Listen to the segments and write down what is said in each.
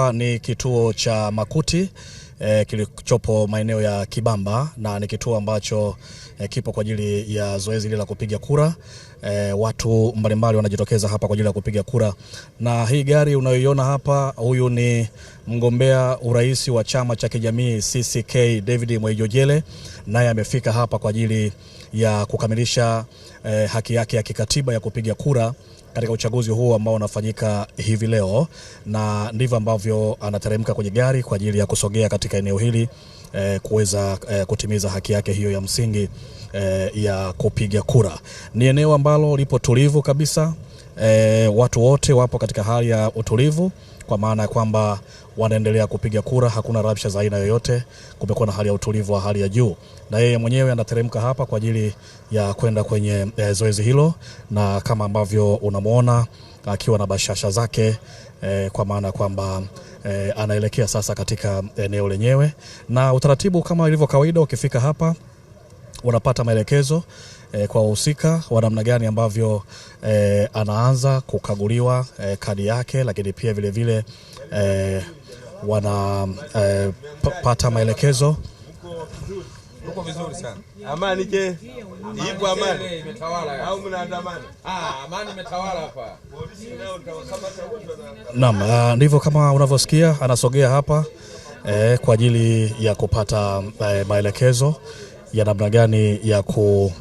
hapa ni kituo cha Makuti e, kilichopo maeneo ya Kibamba na ni kituo ambacho e, kipo kwa ajili ya zoezi lile la kupiga kura. E, watu mbalimbali wanajitokeza hapa kwa ajili ya kupiga kura, na hii gari unayoiona hapa, huyu ni mgombea urais wa chama cha kijamii CCK David Mwaijojele, naye amefika hapa kwa ajili ya kukamilisha e, haki yake ya kikatiba ya kupiga kura katika uchaguzi huu ambao unafanyika hivi leo, na ndivyo ambavyo anateremka kwenye gari kwa ajili ya kusogea katika eneo hili eh, kuweza eh, kutimiza haki yake hiyo ya msingi eh, ya kupiga kura. Ni eneo ambalo lipo tulivu kabisa e, watu wote wapo katika hali ya utulivu kwa maana ya kwamba wanaendelea kupiga kura, hakuna rabsha za aina yoyote. Kumekuwa na hali ya utulivu wa hali ya juu, na yeye mwenyewe anateremka hapa kwa ajili ya kwenda kwenye e, zoezi hilo, na kama ambavyo unamwona akiwa na bashasha zake e, kwa maana kwamba e, anaelekea sasa katika eneo lenyewe, na utaratibu kama ilivyo kawaida, ukifika hapa wanapata maelekezo eh, kwa wahusika wa namna gani ambavyo eh, anaanza kukaguliwa eh, kadi yake, lakini pia vilevile vile, eh, wanapata eh, maelekezo vizuri sana. Amani je? Ipo amani imetawala au Ah, amani imetawala hapa. Naam, ah, ndivyo kama unavyosikia anasogea hapa eh, kwa ajili ya kupata eh, maelekezo ya namna gani ya kuanza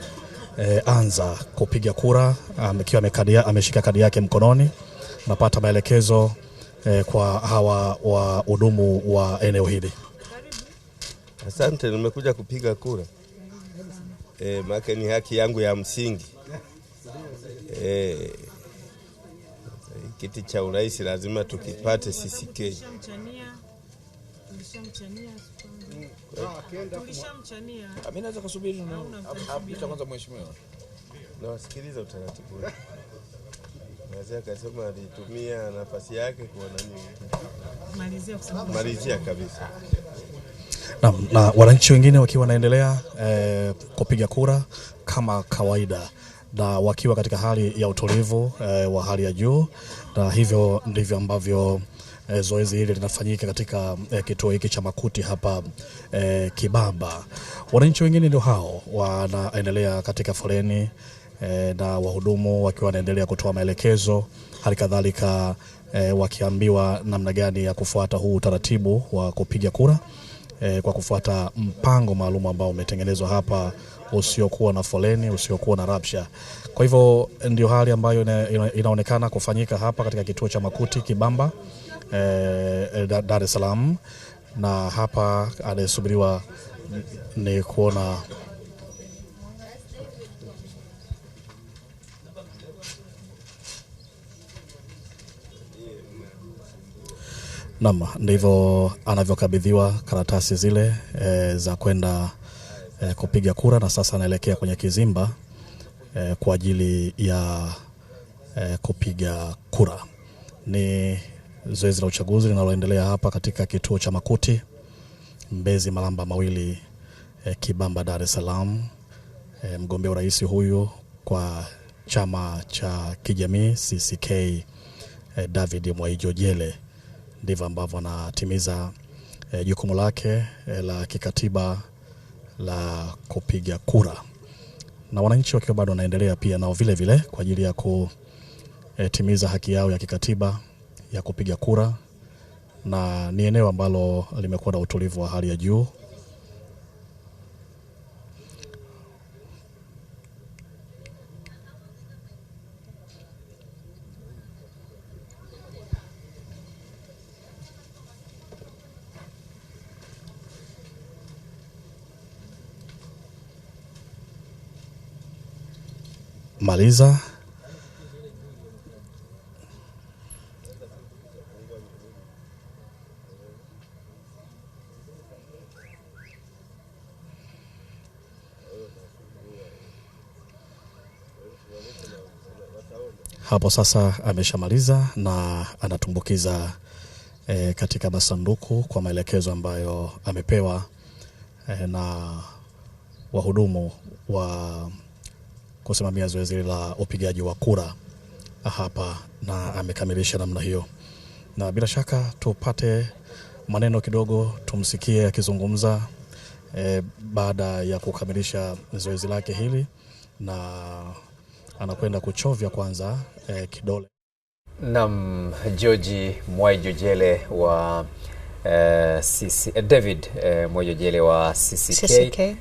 eh, anza kupiga kura akiwa um, ameshika kadi yake mkononi. Napata maelekezo e, kwa hawa wa hudumu wa eneo hili. Asante, nimekuja kupiga kura e, maana ni haki yangu ya msingi e, kiti cha urais lazima tukipate sisi Kenya. Eh. Ah, ah, mimi naweza kusubiri apita kwanza, mheshimiwa. Nawasikiliza utaratibu Mzee akasema alitumia nafasi yake kwa nani? Malizia kabisa. Na, na wananchi wengine wakiwa wanaendelea eh, kupiga kura kama kawaida na wakiwa katika hali ya utulivu eh, wa hali ya juu, na hivyo ndivyo ambavyo eh, zoezi hili linafanyika katika eh, kituo hiki cha Makuti hapa eh, Kibamba. Wananchi wengine ndio hao wanaendelea katika foleni eh, na wahudumu wakiwa wanaendelea kutoa maelekezo, hali kadhalika eh, wakiambiwa namna gani ya kufuata huu utaratibu wa kupiga kura eh, kwa kufuata mpango maalum ambao umetengenezwa hapa usiokuwa na foleni, usiokuwa na rabsha. Kwa hivyo ndio hali ambayo ina, ina, inaonekana kufanyika hapa katika kituo cha Makuti Kibamba. Eh, eh, Dar es Salaam, na hapa anayesubiriwa ni kuona nam ndivyo anavyokabidhiwa karatasi zile e, za kwenda e, kupiga kura na sasa anaelekea kwenye kizimba e, kwa ajili ya e, kupiga kura. Ni zoezi la uchaguzi linaloendelea hapa katika kituo cha Makuti, Mbezi, Malamba Mawili, e, Kibamba, Dar es Salaam. E, mgombea urais huyu kwa chama cha kijamii CCK e, eh, David Mwaijojele ndivyo ambavyo anatimiza e, jukumu lake e, la kikatiba la kupiga kura, na wananchi wakiwa bado wanaendelea pia nao vile vile kwa ajili ya kutimiza haki yao ya kikatiba ya kupiga kura, na ni eneo ambalo limekuwa na utulivu wa hali ya juu. Maliza. hapo sasa ameshamaliza na anatumbukiza e, katika masanduku kwa maelekezo ambayo amepewa e, na wahudumu wa kusimamia zoezi la upigaji wa kura hapa, na amekamilisha namna hiyo, na bila shaka tupate maneno kidogo, tumsikie akizungumza e, baada ya kukamilisha zoezi lake hili na anakwenda kuchovya kwanza eh, kidole. Naam, George Mwaijojele wa eh, CC, eh, David Mwai Jojele wa CCK. CCK.